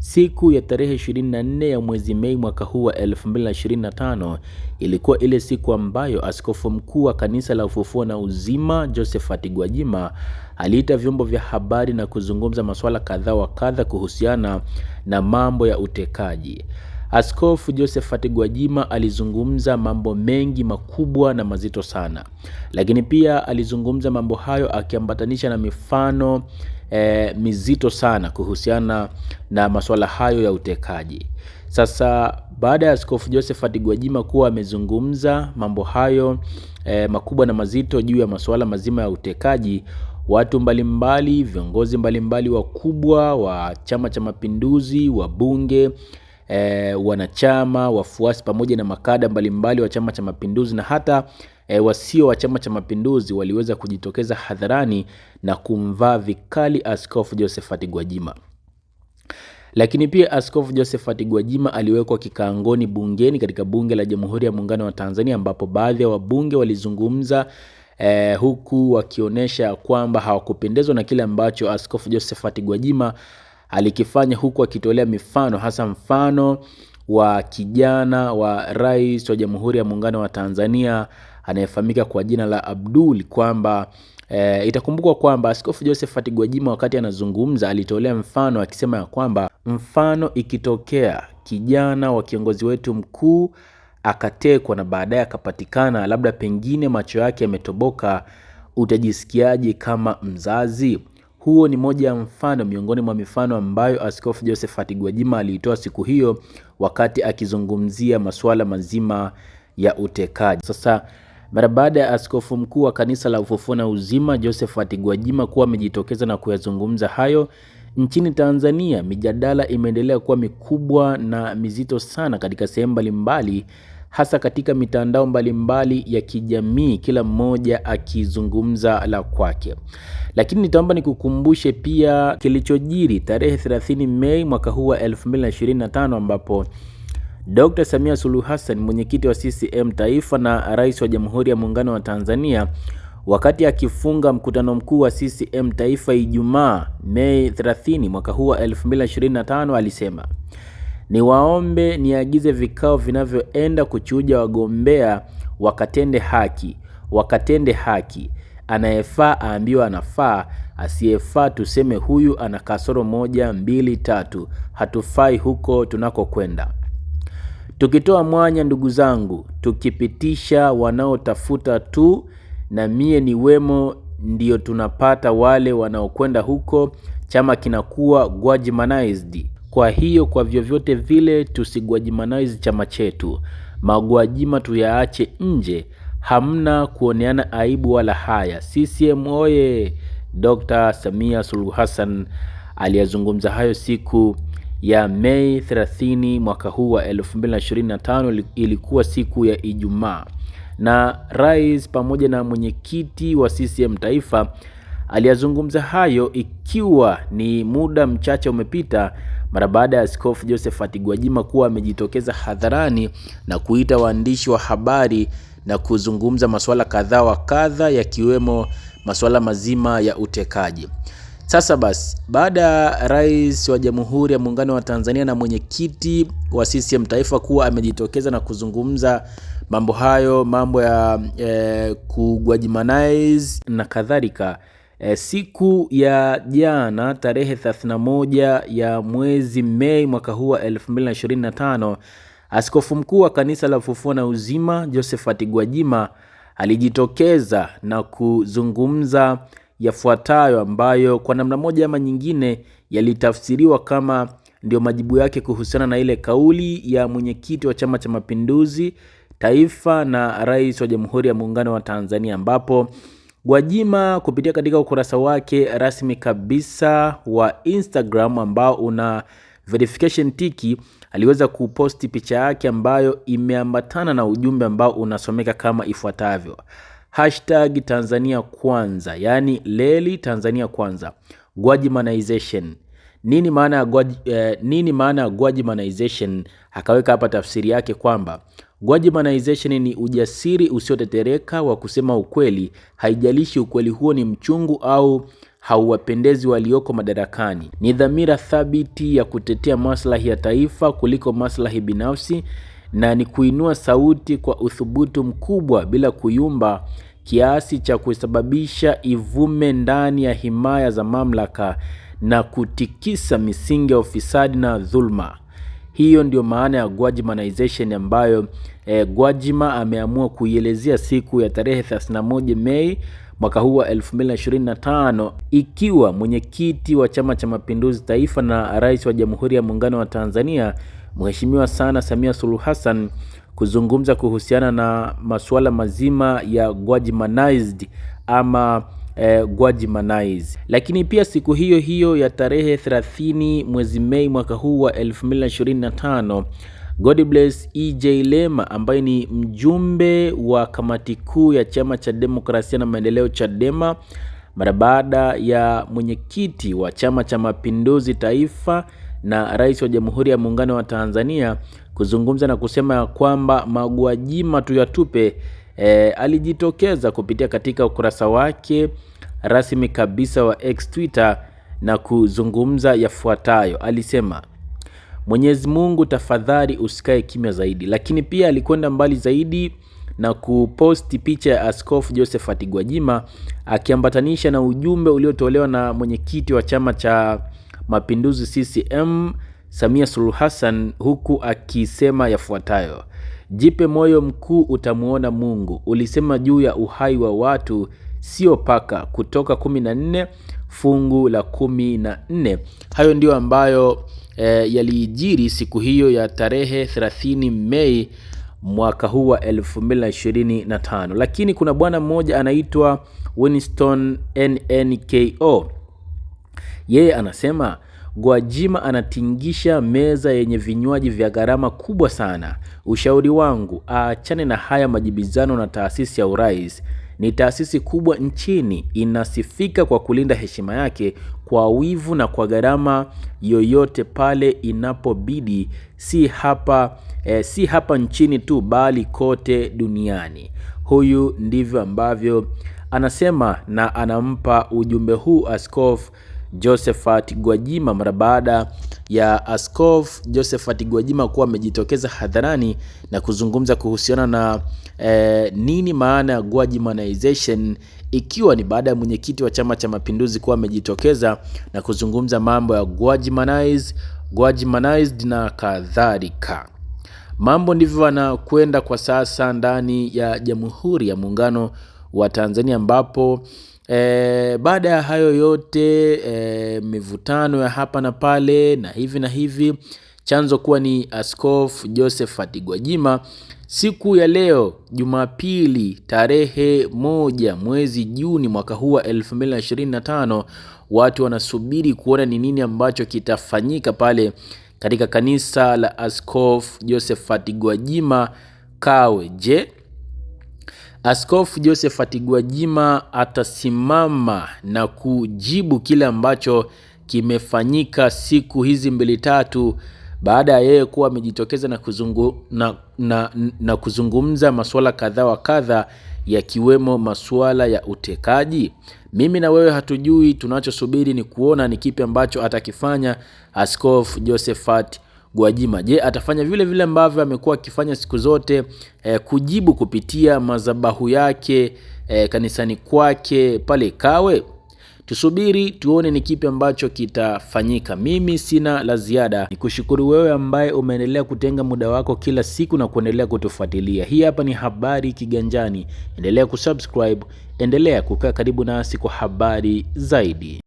Siku ya tarehe 24 ya mwezi Mei mwaka huu wa 2025 ilikuwa ile siku ambayo askofu mkuu wa kanisa la ufufuo na uzima Josephat Gwajima aliita vyombo vya habari na kuzungumza masuala kadha wa kadha kuhusiana na mambo ya utekaji. Askofu Josephat Gwajima alizungumza mambo mengi makubwa na mazito sana, lakini pia alizungumza mambo hayo akiambatanisha na mifano e, mizito sana kuhusiana na masuala hayo ya utekaji. Sasa baada ya Askofu Josephat Gwajima kuwa amezungumza mambo hayo e, makubwa na mazito juu ya masuala mazima ya utekaji watu mbalimbali, viongozi mbalimbali wakubwa wa Chama cha Mapinduzi, wabunge e, wanachama, wafuasi pamoja na makada mbalimbali wa Chama cha Mapinduzi na hata e, wasio wa Chama cha Mapinduzi waliweza kujitokeza hadharani na kumvaa vikali Askofu Josephat Gwajima. Lakini pia Askofu Josephat Gwajima aliwekwa kikaangoni bungeni katika bunge la Jamhuri ya Muungano wa Tanzania ambapo baadhi ya wabunge walizungumza eh, huku wakionyesha kwamba hawakupendezwa na kile ambacho Askofu Josephat Gwajima alikifanya huku akitolea mifano hasa mfano wa kijana wa rais wa Jamhuri ya Muungano wa Tanzania anayefahamika kwa jina la Abdul kwamba E, itakumbukwa kwamba Askofu Josephat Gwajima wakati anazungumza alitolea mfano akisema ya kwamba mfano ikitokea kijana wa kiongozi wetu mkuu akatekwa na baadaye akapatikana, labda pengine macho yake yametoboka, utajisikiaje kama mzazi? Huo ni moja ya mfano miongoni mwa mifano ambayo Askofu Josephat Gwajima aliitoa siku hiyo wakati akizungumzia masuala mazima ya utekaji. Sasa mara baada ya askofu mkuu wa kanisa la Ufufuo na Uzima Josephat Gwajima kuwa amejitokeza na kuyazungumza hayo nchini Tanzania, mijadala imeendelea kuwa mikubwa na mizito sana katika sehemu mbalimbali hasa katika mitandao mbalimbali mbali ya kijamii, kila mmoja akizungumza la kwake. Lakini nitaomba nikukumbushe pia kilichojiri tarehe 30 Mei mwaka huu wa 2025 ambapo Dr. Samia Suluhu Hassan, mwenyekiti wa CCM Taifa na rais wa Jamhuri ya Muungano wa Tanzania, wakati akifunga mkutano mkuu wa CCM Taifa Ijumaa Mei 30 mwaka huu wa 2025 alisema Niwaombe niagize vikao vinavyoenda kuchuja wagombea wakatende haki, wakatende haki. Anayefaa aambiwa anafaa, asiyefaa tuseme huyu ana kasoro moja, mbili, tatu, hatufai huko tunakokwenda. Tukitoa mwanya, ndugu zangu, tukipitisha wanaotafuta tu, na mie ni wemo, ndio tunapata wale wanaokwenda huko, chama kinakuwa Gwajimanized. Kwa hiyo kwa vyovyote vile tusigwajimanaizi chama chetu, magwajima tuyaache nje. Hamna kuoneana aibu wala haya. CCM oye! Dr Samia Suluhu Hassan aliyazungumza hayo siku ya Mei 30 mwaka huu wa 2025, ilikuwa siku ya Ijumaa, na rais pamoja na mwenyekiti wa CCM taifa aliyazungumza hayo ikiwa ni muda mchache umepita mara baada ya Askofu Josephat Gwajima kuwa amejitokeza hadharani na kuita waandishi wa habari na kuzungumza masuala kadha wa kadha yakiwemo masuala mazima ya utekaji. Sasa basi, baada ya Rais wa Jamhuri ya Muungano wa Tanzania na mwenyekiti wa CCM Taifa kuwa amejitokeza na kuzungumza mambo hayo, mambo ya eh, kugwajimanize na kadhalika. E, siku ya jana tarehe 31 ya mwezi Mei mwaka huu wa 2025, Askofu Mkuu wa Kanisa la Ufufuo na Uzima Josephat Gwajima alijitokeza na kuzungumza yafuatayo ambayo kwa namna moja ama nyingine yalitafsiriwa kama ndio majibu yake kuhusiana na ile kauli ya mwenyekiti wa Chama cha Mapinduzi Taifa na Rais wa Jamhuri ya Muungano wa Tanzania ambapo Gwajima kupitia katika ukurasa wake rasmi kabisa wa Instagram ambao una verification tiki, aliweza kuposti picha yake ambayo imeambatana na ujumbe ambao unasomeka kama ifuatavyo: hashtag Tanzania kwanza, yaani leli Tanzania kwanza, Gwajimanization. Nini maana ya eh, Gwajimanization? Akaweka hapa tafsiri yake kwamba Gwajimanization ni ujasiri usiotetereka wa kusema ukweli, haijalishi ukweli huo ni mchungu au hauwapendezi walioko madarakani. Ni dhamira thabiti ya kutetea maslahi ya taifa kuliko maslahi binafsi, na ni kuinua sauti kwa uthubutu mkubwa bila kuyumba kiasi cha kusababisha ivume ndani ya himaya za mamlaka na kutikisa misingi ya ufisadi na dhuluma. Hiyo ndio maana ya Gwajimanization ambayo e, Gwajima ameamua kuielezea siku ya tarehe 31 Mei mwaka huu wa 2025 ikiwa mwenyekiti wa Chama cha Mapinduzi Taifa na Rais wa Jamhuri ya Muungano wa Tanzania Mheshimiwa sana Samia Suluhu Hassan kuzungumza kuhusiana na masuala mazima ya Gwajimanized ama eh, Gwajimanais. Lakini pia siku hiyo hiyo ya tarehe 30 mwezi Mei mwaka huu wa 2025 Godbless EJ Lema ambaye ni mjumbe wa kamati kuu ya chama cha demokrasia na maendeleo Chadema, mara baada ya mwenyekiti wa chama cha mapinduzi taifa na rais wa Jamhuri ya Muungano wa Tanzania kuzungumza na kusema ya kwamba magwajima tuyatupe e, alijitokeza kupitia katika ukurasa wake rasmi kabisa wa X Twitter na kuzungumza yafuatayo. Alisema, Mwenyezi Mungu tafadhali usikae kimya zaidi. Lakini pia alikwenda mbali zaidi na kuposti picha ya Askofu Josephat Gwajima akiambatanisha na ujumbe uliotolewa na mwenyekiti wa Chama cha Mapinduzi CCM Samia Suluhu Hassan, huku akisema yafuatayo: Jipe moyo mkuu, utamuona Mungu. Ulisema juu ya uhai wa watu, sio paka. Kutoka 14 fungu la 14 Hayo ndiyo ambayo e, yaliijiri siku hiyo ya tarehe 30 Mei mwaka huu wa 2025, lakini kuna bwana mmoja anaitwa Winston NNKO, yeye anasema Gwajima anatingisha meza yenye vinywaji vya gharama kubwa sana. Ushauri wangu aachane na haya majibizano na taasisi ya urais. Ni taasisi kubwa nchini, inasifika kwa kulinda heshima yake kwa wivu na kwa gharama yoyote pale inapobidi, si hapa eh, si hapa nchini tu bali kote duniani. Huyu ndivyo ambavyo anasema na anampa ujumbe huu Askofu Josephat Gwajima mara baada ya Askofu Josephat Gwajima kuwa amejitokeza hadharani na kuzungumza kuhusiana na eh, nini maana ya Gwajimanization ikiwa ni baada ya mwenyekiti wa Chama cha Mapinduzi kuwa amejitokeza na kuzungumza mambo ya Gwajimanize, Gwajimanized na kadhalika. Mambo ndivyo yanakwenda kwa sasa ndani ya Jamhuri ya Muungano wa Tanzania ambapo E, baada ya hayo yote e, mivutano ya hapa na pale na hivi na hivi, chanzo kuwa ni Askofu Josephat Gwajima, siku ya leo Jumapili tarehe moja mwezi Juni mwaka huu wa 2025 watu wanasubiri kuona ni nini ambacho kitafanyika pale katika kanisa la Askofu Josephat Gwajima Kawe. Je, Askofu Josephat Gwajima atasimama na kujibu kile ambacho kimefanyika siku hizi mbili tatu baada ya yeye kuwa amejitokeza na, kuzungu, na, na, na kuzungumza masuala kadha wa kadha yakiwemo masuala ya utekaji. Mimi na wewe hatujui, tunachosubiri ni kuona ni kipi ambacho atakifanya Askofu Josephat Gwajima. Je, atafanya vile vile ambavyo amekuwa akifanya siku zote eh, kujibu kupitia madhabahu yake eh, kanisani kwake pale Kawe? Tusubiri tuone ni kipi ambacho kitafanyika. Mimi sina la ziada, ni kushukuru wewe ambaye umeendelea kutenga muda wako kila siku na kuendelea kutufuatilia. Hii hapa ni Habari Kiganjani, endelea kusubscribe, endelea kukaa karibu nasi kwa habari zaidi.